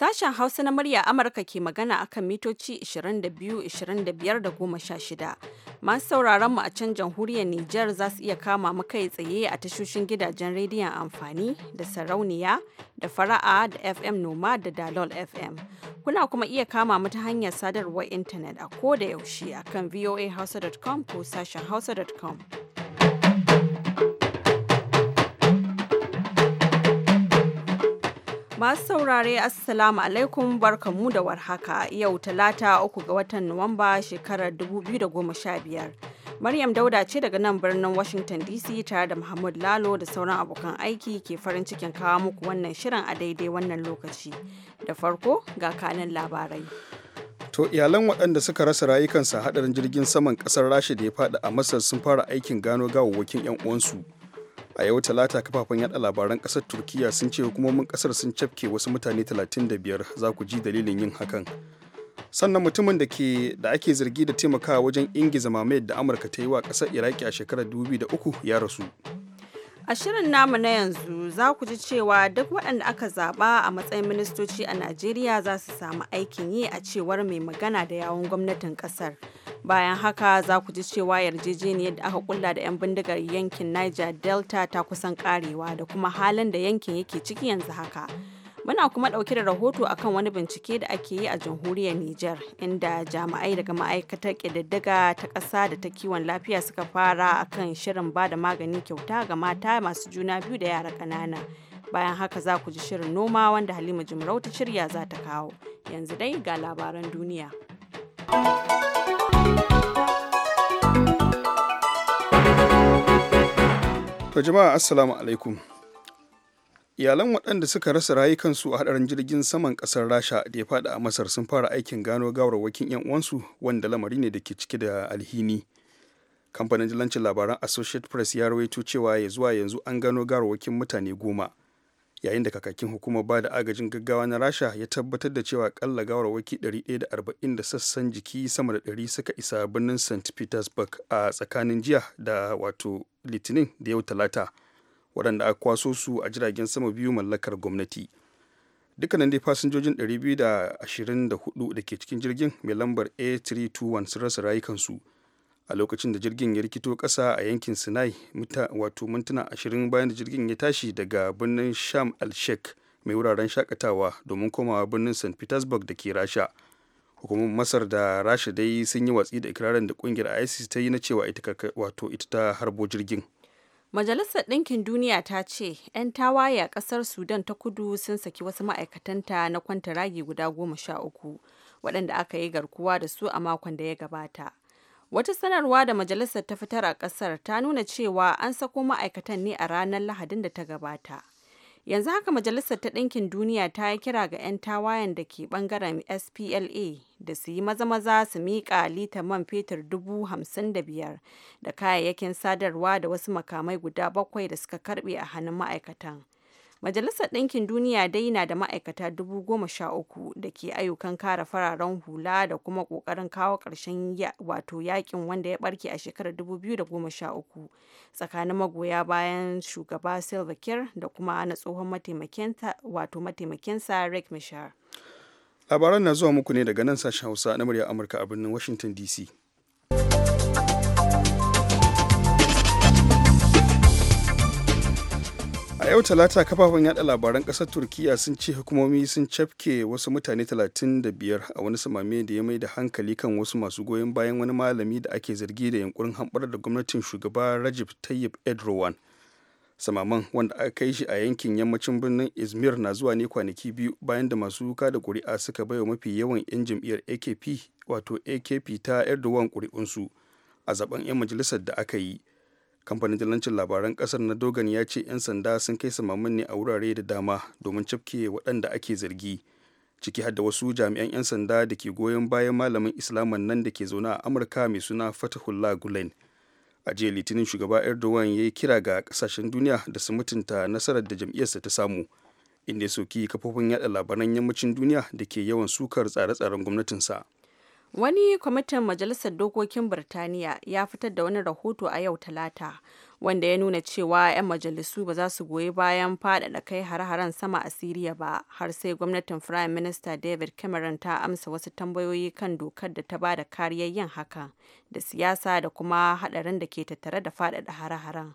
Sashen Hausa na murya Amurka ke magana akan mitoci 22, 25 da goma sha shida Masu sauraron mu a can jamhuriyar Nijar za su iya kama mu kai tsaye a tashoshin gidajen rediyon amfani da sarauniya da fara'a da FM Noma da Dalol FM. Kuna kuma iya kama mu ta hanyar sadarwar intanet a ko da yaushe akan voahausa.com ko sashen hausa.com. Masu saurare Assalamu alaikum barkamu da warhaka yau talata uku ga watan Nuwamba shekarar 2015. Maryam Dauda ce daga nan birnin Washington DC tare da Muhammad Lalo da sauran abokan aiki ke farin cikin kawo muku wannan shirin a daidai wannan lokaci. Da farko ga kanan labarai. To iyalan waɗanda suka rasa rayukansa a haɗarin jirgin saman ƙasar Rasha da ya faɗi a Masar sun fara aikin gano gawawwakin 'yan uwansu. a yau talata kafafen yada labaran kasar turkiya sun ce hukumomin kasar sun cafke wasu mutane 35 za ku ji dalilin yin hakan sannan mutumin da ake zargi da taimakawa wajen ingiza mamayar da amurka ta yi wa kasar iraki a shekarar 2003 ya rasu A shirin namu na yanzu za ku ji cewa duk waɗanda aka zaɓa a matsayin ministoci a Najeriya za su samu aikin yi a cewar mai magana da yawon gwamnatin ƙasar. Bayan haka za ku ji cewa yarjejeniyar da aka kulla da 'yan bindigar yankin Niger Delta ta kusan karewa da kuma halin da yankin yake ciki yanzu haka. Muna kuma ɗauke da rahoto akan wani bincike da ake yi a jamhuriyar Nijar inda jami'ai daga ma'aikatar ƙididdiga ta ƙasa da ta kiwon lafiya suka fara akan shirin ba da magani kyauta ga mata masu juna biyu da yara ƙanana. Bayan haka za ku ji shirin noma wanda Halima Jimarau ta shirya za ta kawo. Yanzu dai ga labaran duniya. To jama'a assalamu alaikum. iyalan waɗanda suka rasa rayukansu a hadarin jirgin saman ƙasar rasha da ya faɗa a masar sun fara aikin gano gawarwakin 'yan uwansu wanda lamari ne da ke cike da alhini kamfanin jilancin labaran associate press ya rawaito cewa ya zuwa yanzu an gano gawarwakin mutane goma yayin da kakakin hukumar ba da agajin gaggawa na rasha ya tabbatar da cewa kalla gawarwaki ɗaya da arba'in da sassan jiki sama da ɗari suka isa birnin st petersburg a tsakanin jiya da wato litinin da yau talata waɗanda aka kwaso su a jiragen sama biyu mallakar gwamnati dukkanin dai fasinjojin 224 da ke cikin jirgin mai lambar a321 sun rasa rayukansu a lokacin da jirgin ya rikito ƙasa a yankin sinai wato mintuna 20 bayan da jirgin ya tashi daga birnin sham al-sheikh mai wuraren shakatawa domin komawa birnin st petersburg da ke rasha hukumar masar da rasha dai sun yi watsi da ikirarin da kungiyar isis ta yi na cewa ita ita ta harbo jirgin Majalisar Ɗinkin Duniya ta ce 'yan tawaye a ƙasar Sudan ta kudu sun saki wasu ma'aikatanta na kwanta ragi guda goma sha uku waɗanda aka yi garkuwa da su a makon da ya gabata. Wata sanarwa da majalisar ta fitar a ƙasar ta nuna cewa an sako ma'aikatan ne a ranar Lahadin da ta gabata. yanzu haka majalisar ta ɗinkin duniya ta yi kira ga 'yan tawayen da ke bangaren spla da su yi maza-maza su miƙa litar man fetur dubu hamsin da biyar da kayayyakin sadarwa da wasu makamai guda bakwai da suka karbe a hannun ma'aikatan Majalisar Ɗinkin Duniya dai na da ma'aikata dubu goma sha uku da ke ayyukan kare fararen hula da kuma ƙoƙarin kawo ƙarshen wato yakin wanda ya ɓarke a shekarar 2013 tsakanin magoya bayan shugaba Silva Kiir da kuma na tsohon mataimakinsa Rick Mishar. Labaran na zuwa muku ne daga nan sashen Hausa na murya Amurka a birnin Washington DC. a yau talata kafafen yada labaran kasar turkiya sun ce hukumomi sun cafke wasu mutane 35 a wani samame da ya mai da hankali kan wasu masu goyon bayan wani malami da ake zargi da yankurin hamɓar da gwamnatin shugaba rajib tayyip erdogan samaman wanda aka kai shi a yankin yammacin birnin izmir na zuwa ne kwanaki biyu bayan da masu wuka da ƙuri'a suka wa mafi yawan 'yan jam'iyyar akp wato akp ta erdogan kuri'unsu a zaben 'yan majalisar da aka yi kamfanin dillancin labaran kasar na dogon ya ce 'yan sanda sun kai samamin ne a wurare da dama domin cafke waɗanda ake zargi ciki har da wasu jami'an 'yan sanda da ke goyon bayan malamin islaman nan da ke zaune a amurka mai suna fatahullah gulen a jiya litinin shugaba erdogan ya yi kira ga kasashen duniya da su mutunta nasarar da jam'iyyarsa ta samu inda ya soki kafofin yada labaran yammacin duniya da ke yawan sukar tsare-tsaren gwamnatinsa Wani kwamitin Majalisar Dokokin Birtaniya ya fitar da wani rahoto a yau Talata wanda ya nuna cewa 'yan majalisu ba za su goyi bayan faɗaɗa kai hare-haren sama a Siriya ba har sai gwamnatin Firayim Minista David Cameron ta amsa wasu tambayoyi kan dokar da ta bada kariyar yin hakan da siyasa da kuma haɗarin da ke tattare da faɗaɗa hare-haren.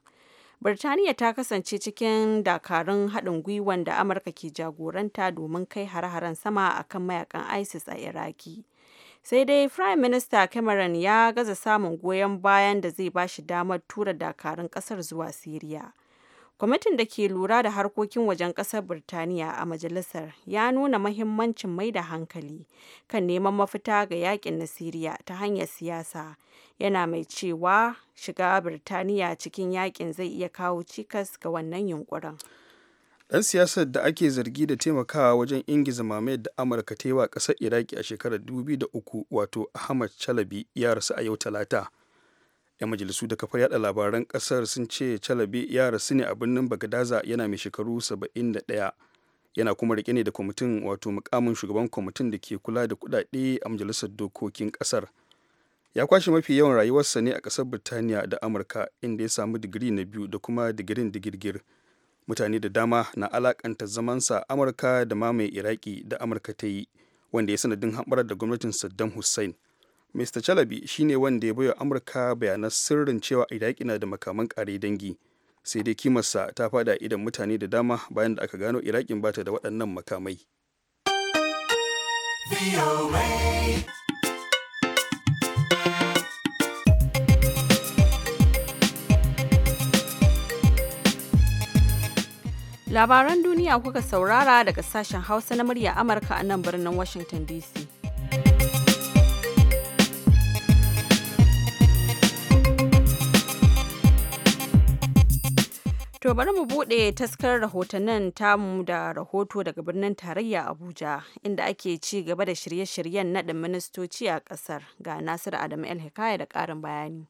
Birtaniya ta kasance cikin dakarun haɗin gwiwan da Amurka ke jagoranta domin kai hare-haren sama akan mayakan ISIS a Iraki. sai dai prime minister cameron ya gaza samun goyon bayan da zai ba shi damar tura dakarun kasar zuwa syria kwamitin da ke lura da harkokin wajen kasar birtaniya a majalisar ya nuna mahimmancin mai da hankali kan neman mafita ga yakin na syria ta hanyar siyasa yana mai cewa shiga birtaniya cikin yakin zai iya kawo cikas ga wannan yunkurin ɗan siyasar da ake zargi da taimakawa wajen ingiza mamayar da amurka ta yi wa ƙasar iraki a shekarar 2003 wato ahmad chalabi ya rasu a yau talata 'yan majalisu da kafar yada labaran ƙasar sun ce chalabi ya rasu ne a birnin bagadaza yana mai shekaru 71 yana kuma rike ne da kwamitin wato mukamin shugaban kwamitin da ke kula da kudade a majalisar dokokin ƙasar ya kwashe mafi yawan rayuwarsa ne a ƙasar birtaniya da amurka inda ya samu digiri na biyu da kuma digirin digirgir mutane da dama na alakanta zamansa amurka da mamaye iraki da amurka ta yi wanda ya sanadin haɓarar da gwamnatin saddam hussein mr chalabi shine wanda ya baiwa amurka bayanan sirrin cewa iraki na da makaman kare dangi sai dai kimarsa ta fada idan mutane da dama bayan da aka gano irakin bata da waɗannan makamai. Labaran duniya kuka saurara daga sashen Hausa na murya Amurka a nan birnin Washington DC. To bari mu buɗe taskar rahotannin tamu da rahoto daga birnin tarayya Abuja inda ake ci gaba da shirye-shiryen naɗin ministoci a ƙasar ga Nasiru Adamu El Hikaya da ƙarin bayani.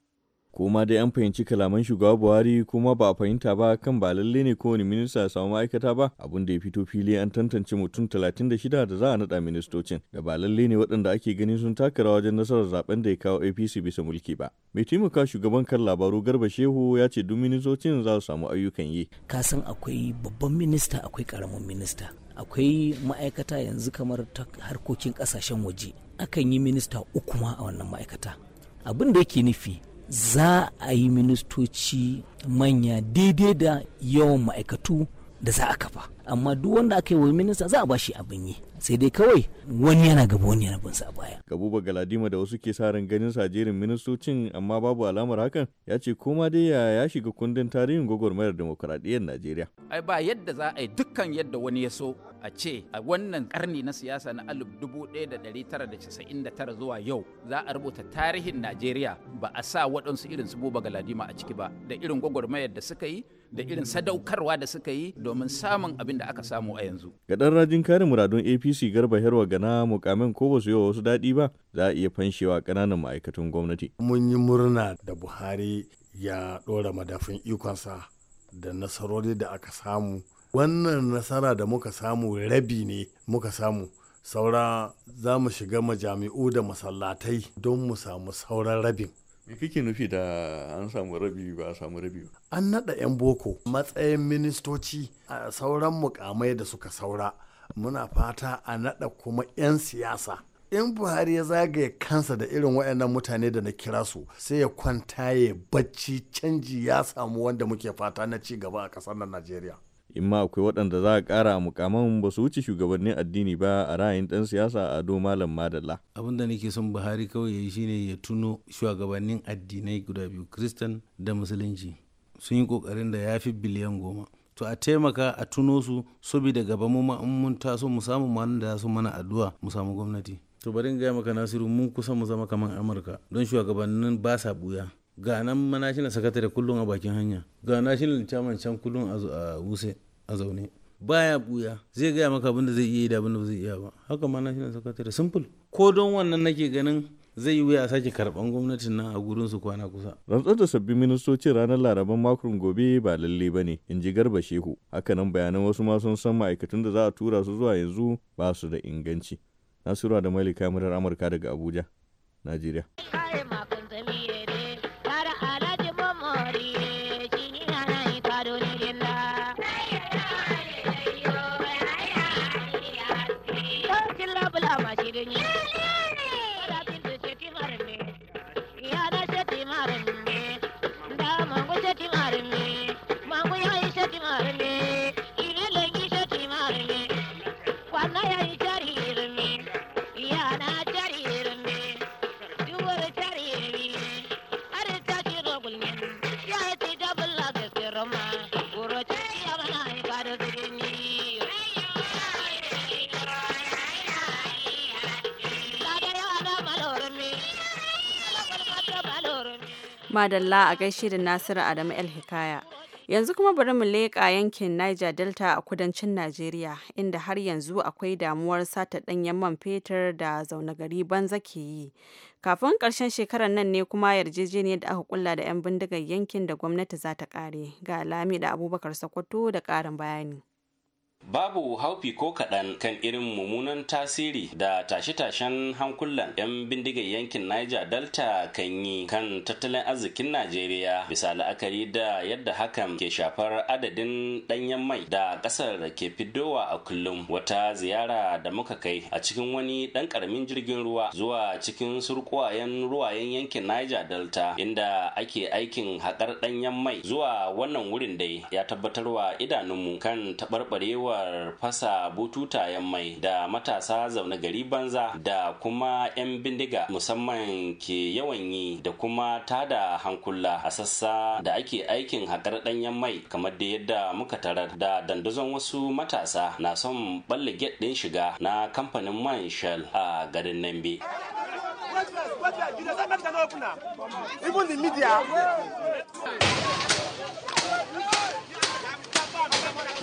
ko ma dai an fahimci kalaman shugaba buhari kuma ba a fahimta ba kan ba lalle ne kowane minista samu ma'aikata ba abun da ya fito fili an tantance mutum 36 da za a nada ministocin da ba lalle ne waɗanda ake ganin sun taka rawa wajen nasarar zaben da ya kawo apc bisa mulki ba mai taimaka shugaban kan labaru garba shehu ya ce duk ministocin za su samu ayyukan yi ka san akwai babban minista akwai karamin minista akwai ma'aikata yanzu kamar ta harkokin kasashen waje akan yi minista uku ma a wannan ma'aikata abin da yake nufi za a yi ministoci manya daidai da yawan ma'aikatu da za a kafa amma duk wanda aka yi wa minista za a ba shi abin yi sai dai kawai wani yana gaba wani yana bin a baya. Gabuba Galadima da wasu ke sa ran ganin sa jerin ministocin amma babu alamar hakan ya ce koma dai ya ya shiga kundin tarihin gwagwarmayar demokuraɗiyyar Najeriya. Ai ba yadda za a yi dukkan yadda wani ya so a ce a wannan karni na siyasa na alif dubu da da da tara casa'in ɗaya tara zuwa yau za a rubuta tarihin Najeriya ba a sa waɗansu irin su Buba Galadima a ciki ba da irin gwagwarmayar da suka yi da irin sadaukarwa da suka yi domin samun abin da aka samu a yanzu. Ga ɗan rajin kare muradun ap. APC Garba Herwa Gana mukamin ko ba su yi wa wasu daɗi ba za a iya fanshewa ƙananan ma'aikatan gwamnati. Mun yi murna da Buhari ya ɗora madafin ikonsa da nasarori da aka samu. Wannan nasara da muka samu rabi ne muka samu. Saura za mu shiga majami'u da masallatai don mu samu sauran rabin. me kake nufi da an samu rabi ba a samu rabi ba an naɗa 'yan boko matsayin ministoci a sauran mukamai da suka saura muna fata a naɗa kuma 'yan siyasa in buhari ya zagaye kansa da irin waɗannan mutane da na kira su sai ya kwanta ya bacci canji ya samu wanda muke fata na ci gaba a ƙasar nan najeriya in ma akwai waɗanda za a ƙara mukaman ba su wuce shugabannin addini ba a ra'ayin ɗan siyasa a do malam madalla abin da nake son buhari kawai ya yi shine ya tuno shugabannin addinai guda biyu kristan da musulunci sun yi ƙoƙarin da ya fi biliyan goma to a taimaka a tuno su saboda gaba mu ma mun taso mu samu ma da su mana addu'a mu samu gwamnati to bari in gaya maka nasiru mun kusa mu zama kamar amurka don shugabannin ba sa buya ga nan manashin sakatare kullum a bakin hanya ga nashin chairman can kullum a wuse a zaune baya buya zai gaya maka abin da zai iya yi da abin da zai iya ba haka manashin sakatare simple ko don wannan nake ganin zai yi wuya sake karban gwamnatin nan a gurin su kwana kusa. Rantsar da sabbin ministocin ranar Laraban makon gobe ba lalle ba ne, in ji Garba Shehu. Hakanan bayanan wasu ma sun san ma'aikatan da za a tura su zuwa yanzu ba su da inganci. Nasiru da Malika Murar Amurka daga Abuja, Najeriya. that you Madalla a gaishe da Nasiru Adamu El Hikaya. Yanzu kuma bari mu leƙa yankin Niger Delta a kudancin Najeriya, inda har yanzu akwai damuwar sata ɗanyen man fetur da zaune gari banza ke yi. Kafin ƙarshen shekarar nan ne kuma yarjejeniyar da aka kulla da 'yan bindigar yankin da gwamnati za ta ƙare. Ga Lami da Abubakar Sokoto da ƙarin bayani. Babu haufi ko kaɗan kan irin mummunan tasiri da tashe-tashen hankulan 'yan bindigar yankin Niger Delta kan yi kan tattalin arzikin Najeriya bisa la'akari da yadda hakan ke shafar adadin ɗanyen mai da ƙasar ke fidowa a kullum wata ziyara da muka kai a cikin wani ɗan ƙaramin jirgin ruwa zuwa cikin surkuwayen ruwayen yankin Niger Delta inda ake aikin haƙar ɗanyen mai zuwa wannan wurin dai ya tabbatarwa idanunmu kan taɓarɓarewa guguwar fasa bututa yan mai da matasa zaune gari banza da kuma 'yan bindiga musamman ke yawan yi da kuma tada hankula a sassa da ake aikin haƙar ɗanyen mai kamar da yadda muka tarar da dandazon wasu matasa na son balle get ɗin shiga na kamfanin man shell a garin nambe Even the media.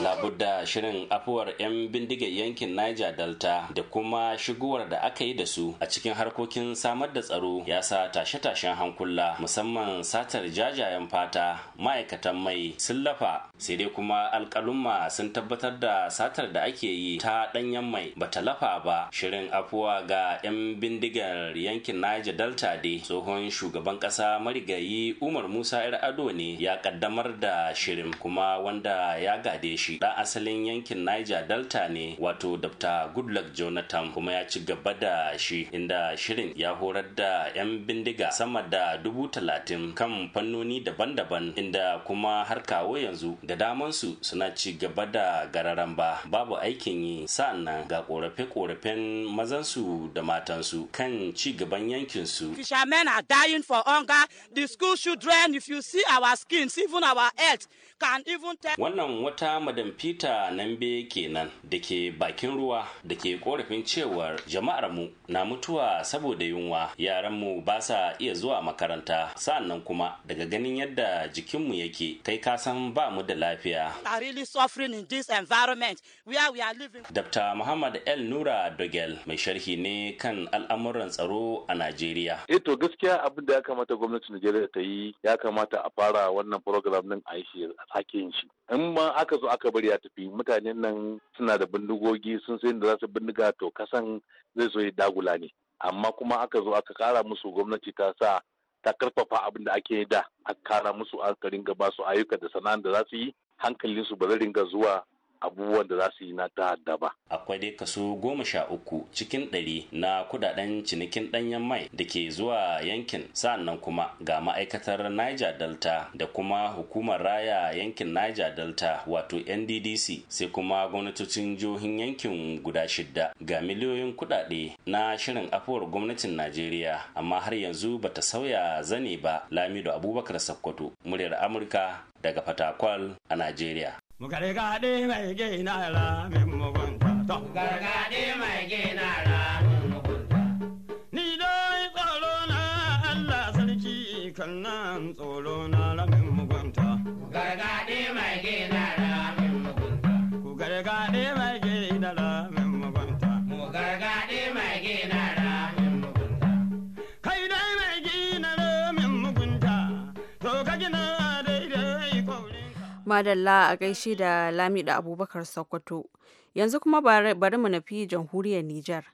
labudda shirin afuwar 'yan bindigar yankin niger delta da kuma shigowar da aka yi da su a cikin harkokin samar da tsaro ya sa tashe-tashen hankula musamman satar jajayen fata ma'aikatan mai sun lafa sai dai kuma alkalumma sun tabbatar da satar da ake yi ta danyen mai ba ta lafa ba shirin afuwa ga 'yan bindigar yankin niger delta dai tsohon shugaban ƙasa marigayi umar musa 'yar ado ne ya ƙaddamar da shirin kuma wanda ya gade shi shi da asalin yankin niger delta ne wato dr goodluck jonathan kuma ya ci gaba da shi inda shirin ya horar da 'yan bindiga sama da dubu talatin kan fannoni daban-daban inda kuma har kawo yanzu da damansu suna ci gaba da gararan ba babu aikin yi sa'annan ga korafe-korafen mazansu da matansu kan ci gaban yankinsu fishermen are dying for hunger the school children if you see our skins even our health can even tell wannan wata madam peter nambe kenan da ke bakin ruwa da ke korafin cewar jama'ar mu na mutuwa saboda yunwa yaran mu ba sa iya zuwa makaranta sannan kuma daga ganin yadda jikinmu yake kai ka san ba mu da lafiya this living dr muhammad el nura dogel mai sharhi ne kan al'amuran tsaro a najeriya eh to gaskiya abin da ya kamata gwamnatin najeriya ta yi ya kamata a fara wannan program din a yi shi a sake yin shi in ma aka zo aka aka bari ya tafi mutanen nan suna da bindigogi sun sai da za su bindiga to kasan zai so ya dagula ne amma kuma aka zo aka kara musu gwamnati ta sa ta karfafa abin da ake da aka kara musu aka ringa ba su ayyuka da sana'an da za su yi hankalinsu ba zai ringa zuwa abubuwan da za su yi na ta'adda ba. Akwai dai kaso goma sha uku cikin ɗari na kudaden cinikin ɗanyen mai da ke zuwa yankin sa'annan kuma ga ma'aikatar Niger Delta da kuma hukumar raya yankin Niger Delta wato NDDC sai kuma gwamnatocin jihohin yankin guda shidda ga miliyoyin kudade na shirin afuwar gwamnatin Najeriya amma har yanzu bata sauya zane ba Lamido Abubakar Sakkwato muryar Amurka daga Fatakwal a Najeriya. mu gargaɗe mai gina min mugunta to madalla a gaishe da Lamida Abubakar Sokoto. Yanzu kuma bari mu nufi jamhuriyar Nijar.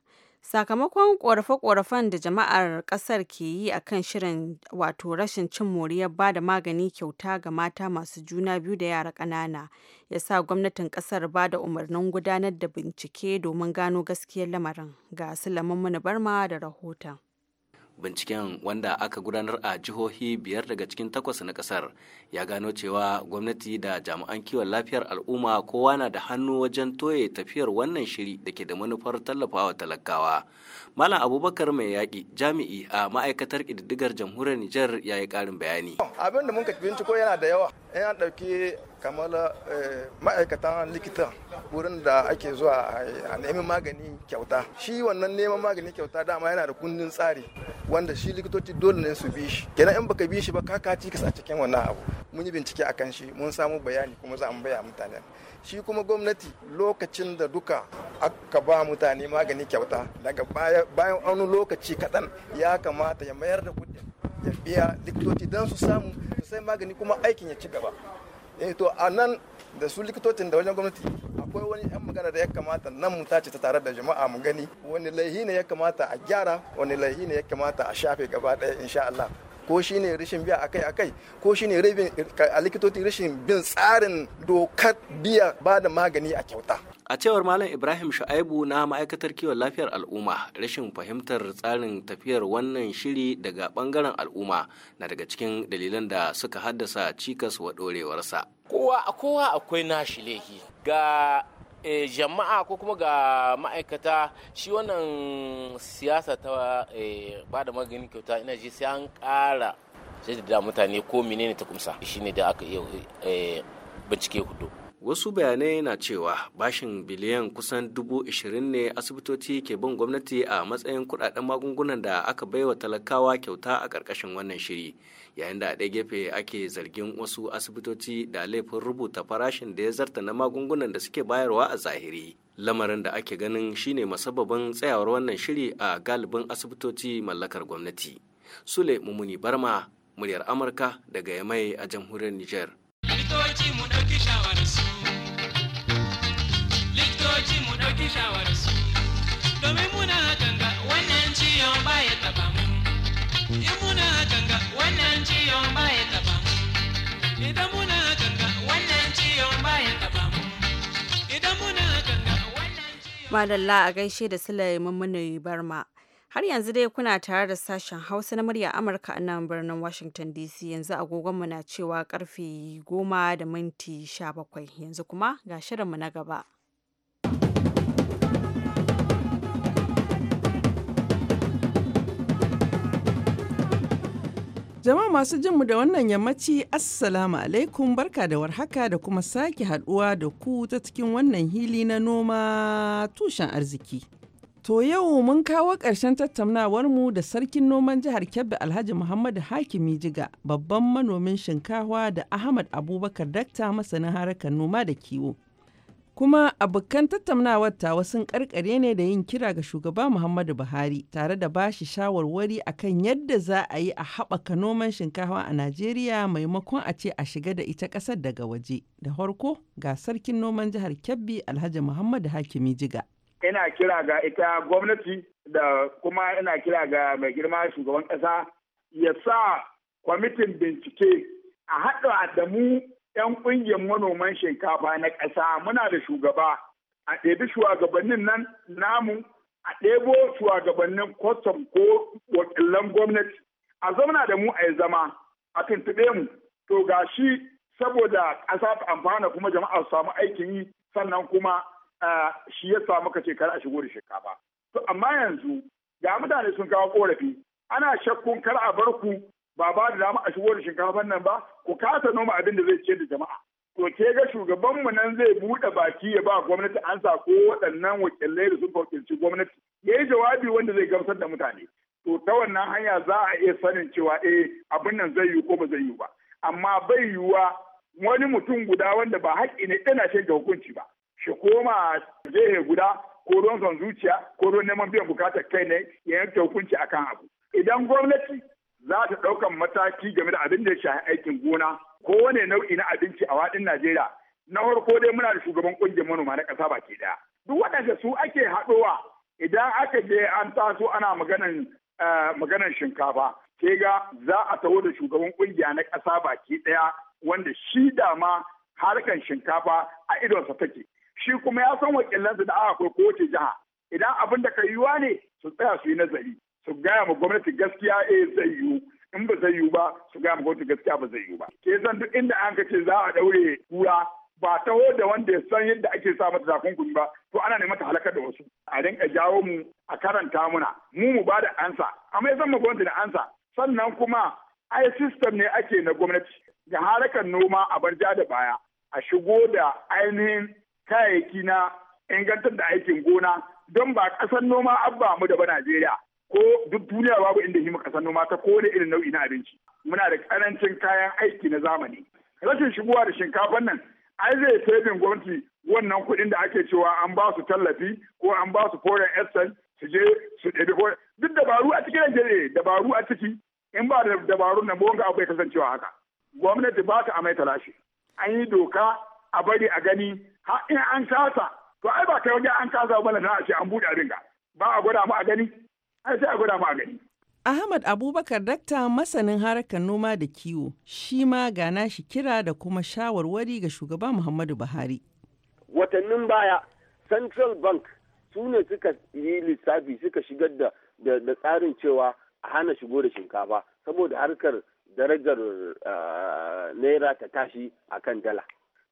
Sakamakon ƙorafe korafen da jama'ar kasar ke yi a kan shirin wato rashin cin moriyar ba da magani kyauta ga mata masu juna biyu da yara ƙanana ya sa gwamnatin kasar ba da umarnin gudanar da bincike domin gano gaskiyar lamarin ga Sulaiman Barma da rahoton. binciken wanda aka gudanar a jihohi biyar daga cikin takwas na kasar ya gano cewa gwamnati da jami'an kiwon lafiyar al'umma kowa na da hannu wajen toye tafiyar wannan shiri da ke da manufar tallafawa talakawa malam abubakar mai yaƙi jami'i a ma'aikatar ƙididdigar jamhuriyar nijar ya yi ƙarin bayani abin da mun binciko yana da yawa yana ɗauki kamar eh, ma'aikatan likita wurin da ake zuwa a nemi magani kyauta shi wannan neman magani kyauta dama yana da kundin tsari wanda shi likitoci dole ne su bi shi kenan in baka bi shi ba ka kaci a cikin wannan abu mun yi bincike kan shi mun samu bayani kuma za mu baya mutane shi kuma gwamnati lokacin da duka aka ba mutane magani kyauta daga bayan wani lokaci kaɗan ya kamata ya mayar da kuɗi ya biya likitoci don su samu su sai magani kuma aikin ya ci gaba eh to a nan da su likitocin da wajen gwamnati akwai wani yan magana da ya kamata nan mu tace ta tare da jama'a mu gani wani laihi ne ya kamata a gyara wani laihi ne ya kamata a shafe gaba ɗaya insha Allah ko shine rashin biya akai akai ko shine rabin a likitoci rashin bin tsarin dokar biya ba da magani a kyauta a cewar malam ibrahim sha'aibu na ma'aikatar kiwon lafiyar al'umma rashin fahimtar tsarin tafiyar wannan shiri daga bangaren al'umma na daga cikin dalilan da suka haddasa cikas wa dorewarsa kowa kowa akwai nashi laifi ga Eh, jama'a ko kuma ga ma'aikata shi wannan siyasa ta eh, ba da magani kyauta ina ji sai an ƙara sai mutane ko menene ta kumsa shine da aka iya eh, bincike hudu wasu bayanai na cewa bashin biliyan kusan dubu ishirin ne asibitoci ke bin gwamnati a matsayin kudaden magungunan da aka baiwa talakawa kyauta a ƙarƙashin wannan shiri yayin da a ɗaya gefe ake zargin wasu asibitoci da laifin rubuta farashin da ya zarta na magungunan da suke bayarwa a zahiri lamarin da ake ganin shine masababin tsayawar wannan shiri a galibin asibitoci mallakar gwamnati sule mumuni barma muryar amurka daga yamai a jamhuriyar niger likitoci mu su. mu madalla a gaishe da sulaiman muni barma Har yanzu dai kuna tare da sashen Hausa na murya Amurka a nan birnin Washington DC yanzu agogonmu na cewa karfe goma da minti sha yanzu kuma ga shirinmu na gaba. Jama'a masu jinmu da wannan yammaci Assalamu alaikum barka da warhaka da kuma sake haduwa da ku ta cikin wannan hili na noma tushen arziki. To yau mun kawo ƙarshen tattaunawarmu da sarkin noman jihar Kebbi Alhaji Muhammadu Hakimi Jiga, babban manomin shinkawa da Ahmad Abubakar Dakta masanin harkar noma da kiwo. Kuma abokan tattaunawar tawa sun karkare ne da yin kira ga shugaba Muhammadu Buhari tare da bashi shawarwari akan yadda za a yi a haɓaka noman shinkafa a Najeriya maimakon a ce a shiga da ita ƙasar daga waje. Da farko ga sarkin noman jihar Kebbi Alhaji Muhammadu Hakimi Jiga. Ina kira ga ita gwamnati da kuma ina kira ga mai girma shugaban ƙasa ya sa kwamitin bincike a haɗa Adamu. 'yan ƙungiyar manoman shinkafa na ƙasa muna da shugaba a ɗebi shugabannin nan namu a ɗebo shugabannin kwastam ko wakilan gwamnati a zauna da mu a yi zama a tuntuɓe mu to ga shi saboda ƙasa ta amfana kuma jama'a su samu aikin yi sannan kuma shi ya samu kace kar a shigo da shinkafa to amma yanzu ga mutane sun kawo korafi ana shakkun kar a bar ku ba ba da dama a shigo da shinkafan nan ba ku kasa noma abin da zai ce da jama'a to ke ga shugabanmu nan zai buɗe baki ya ba gwamnati an sa ko waɗannan wakilai da sun wakilci gwamnati ya yi jawabi wanda zai gamsar da mutane to ta wannan hanya za a iya sanin cewa eh abin nan zai yiwu ko ba zai yiwu ba amma bai yiwuwa wani mutum guda wanda ba haƙƙi ne yana shan hukunci ba shi koma jehe guda ko ruwan son zuciya ko ruwan neman biyan bukatar kai ne ya yanke hukunci akan abu idan gwamnati za ta ɗaukan mataki game da abin da ya shafi aikin gona wane nau'i na abinci a waɗin Najeriya. Na farko dai muna da shugaban ƙungiyar manoma na ƙasa baki ɗaya. Duk waɗanda su ake haɗowa idan aka je an taso ana maganan eh, maganan shinkafa. Ke ga za a taho da shugaban ƙungiya na ƙasa baki ɗaya wanda shi da ma harkan shinkafa a idonsa take. Shi kuma ya san wakilansa da aka akwai kowace jiha. Idan abin da ka yiwa ne su tsaya su yi nazari. su gaya ma gwamnati gaskiya eh zai yiwu in ba zai yiwu ba su gaya ma gwamnati gaskiya ba zai yiwu ba ke san duk inda an ka ce za a ɗaure kura ba taho da wanda ya san yadda ake sa mata takunkumi ba to ana neman ta halakar da wasu a rinka jawo mu a karanta muna mu mu ba da ansa amma ya mu gwamnati da ansa sannan kuma ai system ne ake na gwamnati Da harkar noma a banja da baya a shigo da ainihin kayayyaki na ingantar da aikin gona don ba ƙasar noma abba mu da ba Najeriya ko duk duniya babu inda yi muka san noma ta kone irin nau'i na abinci muna da karancin kayan aiki na zamani rashin shigowa da shinkafan nan ai zai sabin gwamnati wannan kuɗin da ake cewa an ba su tallafi ko an ba su foreign exchange su je su ɗabi ko duk dabaru a cikin Najeriya dabaru a ciki in ba da dabarun nan wanga abu ya kasancewa haka gwamnati ba ta amai talashi an yi doka a bari a gani har in an kasa to ai ba kai wajen an kasa ba na a ce an buɗe abin ga ba a gwada mu a gani ai sai a gwada mu Ahmad Abubakar dakta masanin harkar noma da kiwo shi ma ga nashi kira da kuma shawarwari ga shugaba Muhammadu Buhari. Watannin baya Central Bank su ne suka yi lissafi suka shigar da da tsarin cewa a hana shigo da shinkafa saboda harkar darajar ah, naira ta tashi a kan dala.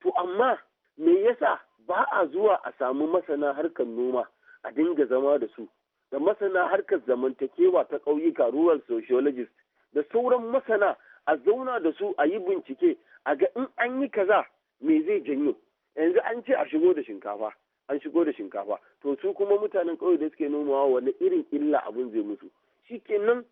To amma me yasa ba a zuwa a samu masana harkar noma a dinga zama da su da masana harkar zamantakewa ta ƙauyuka rural sociologist da sauran masana a zauna da su a yi bincike a ga in an yi kaza me zai janyo yanzu an ce a shigo da shinkafa an shigo da shinkafa to su kuma mutanen ƙauye da suke nomawa wani irin illa abun zai musu shikenan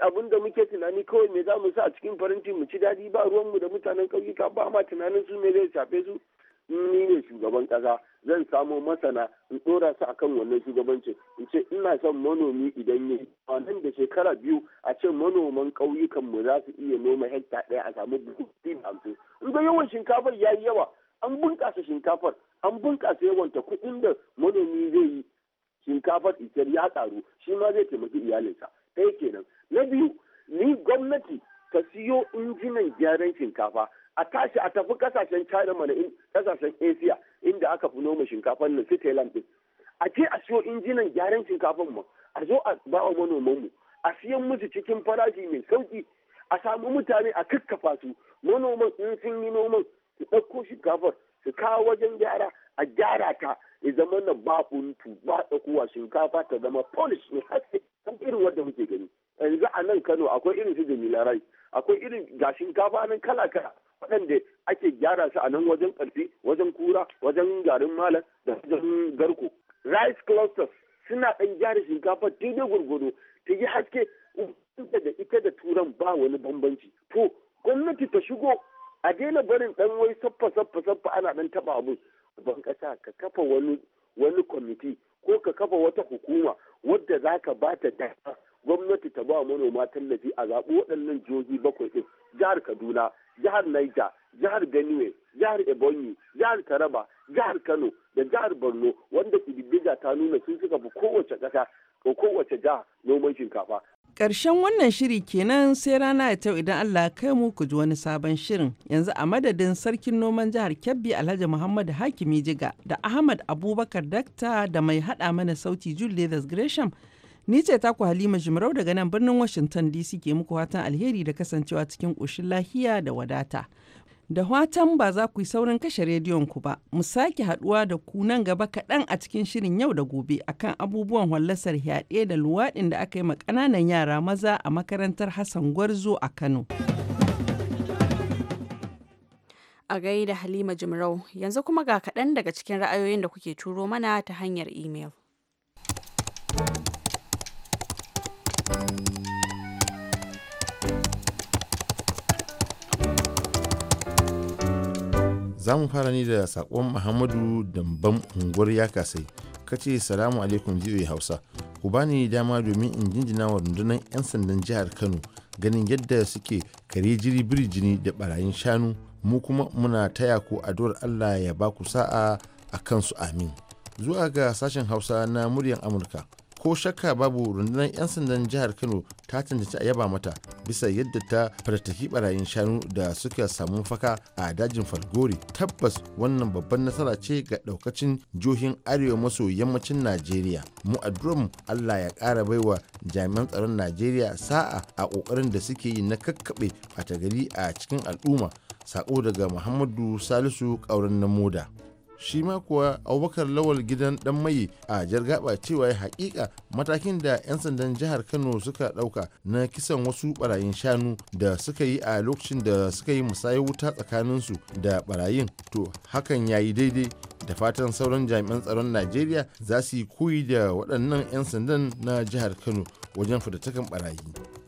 abin da muke tunani kawai me za mu sa a cikin faranti mu ci daɗi ba ruwanmu da mutanen ƙauyuka ba ma tunanin su me zai shafe su ni ne shugaban ƙasa zan samo masana in ɗora su akan wannan shugabancin in ce ina son manomi idan yi a nan da shekara biyu a ce manoman ƙauyukan mu za su iya noma hekta ɗaya a samu buhu hamsin in ga yawan shinkafar ya yi yawa an bunƙasa shinkafar an bunƙasa yawanta kuɗin da manomi zai yi shinkafar isar ya ƙaru shi ma zai taimaki iyalinsa yake kenan na biyu ni gwamnati siyo injinan gyaran shinkafa a tashi a tafi kasashen China mana kasashen Asia inda aka fi noma shinkafan nan su Thailand din a je a siyo injinan gyaran shinkafan mu a zo a ba wa manoman mu a siyan musu cikin farashi mai sauki a samu mutane a kakkafa su manoman in sun yi noman su ɗauko shinkafar su kawo wajen gyara a gyara ta ya zama na ba ba shinkafa ta zama polish ne har sai irin wanda muke gani yanzu a nan kano akwai irin su jamilarai akwai irin ga shinkafa nan kala kala waɗanda ake gyara su a nan wajen ƙarfi wajen kura wajen garin malam da wajen garko rice clusters suna ɗan gyara shinkafa daidai gwargwado ta yi haske da ita da turan ba wani bambanci to gwamnati ta shigo a daina barin ɗan wai saffa saffa saffa ana ɗan taɓa abin ban ƙasa ka kafa wani wani kwamiti ko ka kafa wata hukuma wadda za ka ba ta dama gwamnati ta ba manoma tallafi a zaɓi waɗannan jihohi bakwai ɗin jihar kaduna jihar niger jihar benue jihar ebonyi jihar taraba jihar kano da jihar borno wanda ƙididdiga ta nuna sun suka fi kowace ƙasa ko kowace jiha noman shinkafa Ƙarshen wannan shiri kenan sai rana ya tau idan Allah kai mu ku ji wani sabon shirin. Yanzu a madadin sarkin noman jihar Kebbi Alhaji Muhammad Hakimi Jiga da Ahmad Abubakar Dakta da mai haɗa mana sauti Julius Gresham Ni ce taku Halima Jimarau daga nan birnin Washington DC ke muku watan alheri da kasancewa cikin ƙoshin lahiya da wadata. Da watan ba za ku yi saurin kashe rediyon ku ba, mu sake haduwa da ku nan gaba kaɗan a cikin shirin yau da gobe akan abubuwan hollasar yaɗe da luwaɗin da aka yi ma ƙananan yara maza a makarantar Hassan Gwarzo a Kano. A gaida Halima Jimrau, yanzu kuma ga kaɗan daga cikin ra'ayoyin da kuke turo mana ta hanyar imel. za mu fara ni da sakon muhammadu damban unguwar ya kasai ce salamu alaikum biyu hausa ku bani dama domin in jinjina wa rundunar 'yan sandan jihar kano ganin yadda suke kare jiri birjini da barayin shanu mu kuma muna taya ku addu'ar allah ya ba ku sa'a a kansu amin zuwa ga sashen hausa na muryar amurka ko shakka babu rundunar 'yan sandan jihar kano ta tantance a yaba mata bisa yadda ta fatattaki barayin shanu da suka samu faka a dajin falgori tabbas wannan babban nasara ce ga daukacin jihohin arewa maso yammacin najeriya mu a allah ya kara baiwa jami'an tsaron najeriya sa'a a kokarin da suke yi na kakkaɓe a tagari a cikin al'umma sako daga muhammadu salisu ƙauren na moda shi ma kuwa abubakar lawal gidan dan mai a jargaba cewa ya hakika matakin da 'yan sandan jihar kano suka dauka na kisan wasu barayin shanu da suka yi a lokacin da suka yi musayar wuta tsakaninsu da barayin to hakan ya yi daidai da fatan sauran jami'an tsaron najeriya za su yi koyi da waɗannan 'yan sandan na jihar kano wajen fitattakan barayi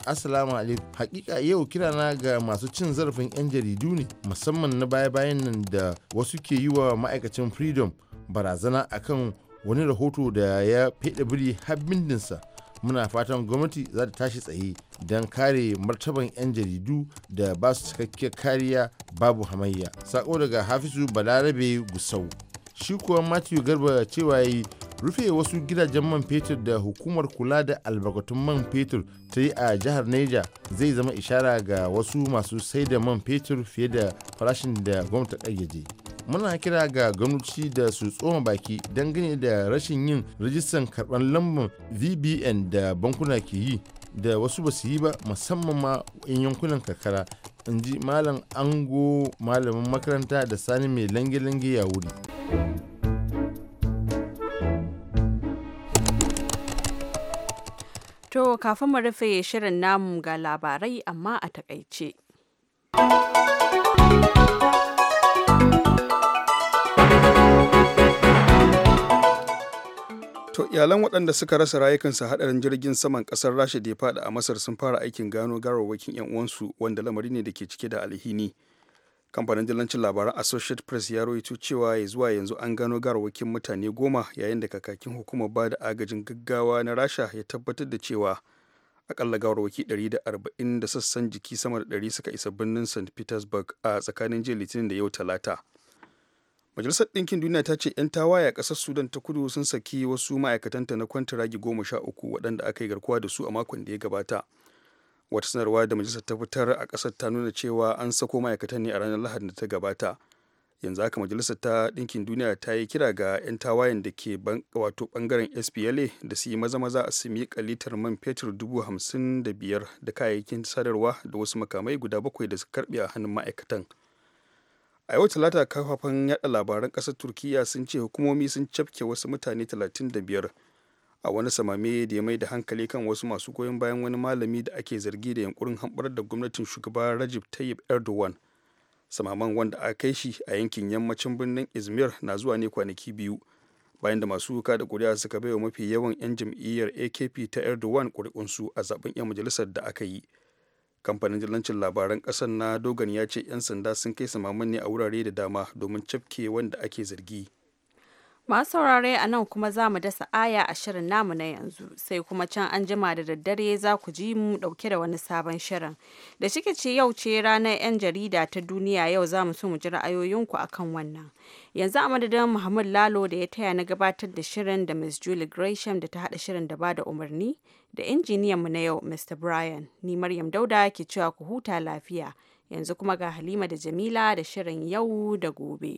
assalamu alaikum hakika yau kirana ga masu cin zarafin 'yan jaridu ne musamman na baya-bayan nan da wasu ke yi wa ma'aikacin freedom barazana akan wani rahoto da ya fede biri har bindinsa muna fatan gwamnati za ta tashi tsaye don kare martaban 'yan jaridu da ba su cikakkiyar kariya babu hamayya sako daga hafizu balarabe gusau shi kuwa matthew garba cewa yi rufe wasu gidajen man fetur da hukumar kula da albarkatun man fetur ta yi a jihar neja zai zama ishara ga wasu masu sai da man fetur fiye da farashin da gwamnati ƙayyade muna kira ga gwamnati da su tsoma baki dangane da rashin yin rajistan karɓar lambar vbn da bankuna ke yi da wasu ba su yi ba musamman ma in yankunan karkara in ji malam ango malamin makaranta da sani mai lange-lange ya wuri. To kafin mu rufe shirin namu ga labarai amma a takaice. To iyalan waɗanda suka rasa rayukansu haɗarin jirgin saman ƙasar Rasha da ya faɗa a Masar sun fara aikin gano garawakin 'yan uwansu wanda lamari ne da ke cike da alhini. kamfanin dillancin labaran associate press ya rawaito cewa ya zuwa yanzu an gano garawakin mutane goma yayin da kakakin hukumar ba da agajin gaggawa na rasha ya tabbatar da cewa akalla gawarwaki 140 da sassan jiki sama da 100 suka isa birnin st petersburg a tsakanin jiya litinin da yau talata majalisar ɗinkin duniya ta ce 'yan tawaye a ƙasar sudan ta kudu sun saki wasu ma'aikatanta na kwantaragi goma sha uku waɗanda aka yi garkuwa da su a makon da ya gabata wata sanarwa da majalisar ta fitar a ƙasar ta nuna cewa an sako ma'aikatan ne a ranar lahadin da ta gabata yanzu haka majalisar ta ɗinkin duniya ta yi kira ga 'yan tawayen da ke wato ɓangaren spla da su yi maza-maza a su miƙa litar man fetur dubu hamsin da biyar da kayayyakin sadarwa da wasu makamai guda bakwai da suka karɓe a hannun ma'aikatan a yau talata kafafen yada labaran ƙasar turkiya sun ce hukumomi sun cafke wasu mutane 35 a wani samame da ya mai da hankali kan wasu masu goyon bayan wani malami da ake zargi da yankurin hamɓar da gwamnatin shugaba rajib tayyip erdogan samaman wanda aka kai shi a yankin yammacin birnin izmir na zuwa ne kwanaki biyu bayan da masu wuka da kuri'a suka bai wa mafi yawan 'yan jam'iyyar akp ta erdogan kuri'unsu a zaben 'yan majalisar da aka yi kamfanin dillancin labaran ƙasar na dogon ya ce 'yan sanda sun kai samaman ne a wurare da dama domin cafke wanda ake zargi Masu saurare a nan kuma za mu dasa aya a shirin namu na yanzu sai kuma can an jima da daddare za ku ji mu ɗauke da wani sabon shirin. Da shike ce yau ce ranar 'yan jarida ta duniya yau za mu so mu ji ra'ayoyinku a kan wannan. Yanzu a madadin Muhammad Lalo da ya taya na gabatar da shirin da Ms Julie Gresham da ta haɗa shirin da ba da umarni da injiniyan mu na yau Mr. Brian. Ni Maryam Dauda ke cewa ku huta lafiya. Yanzu kuma ga Halima da Jamila da shirin yau da gobe.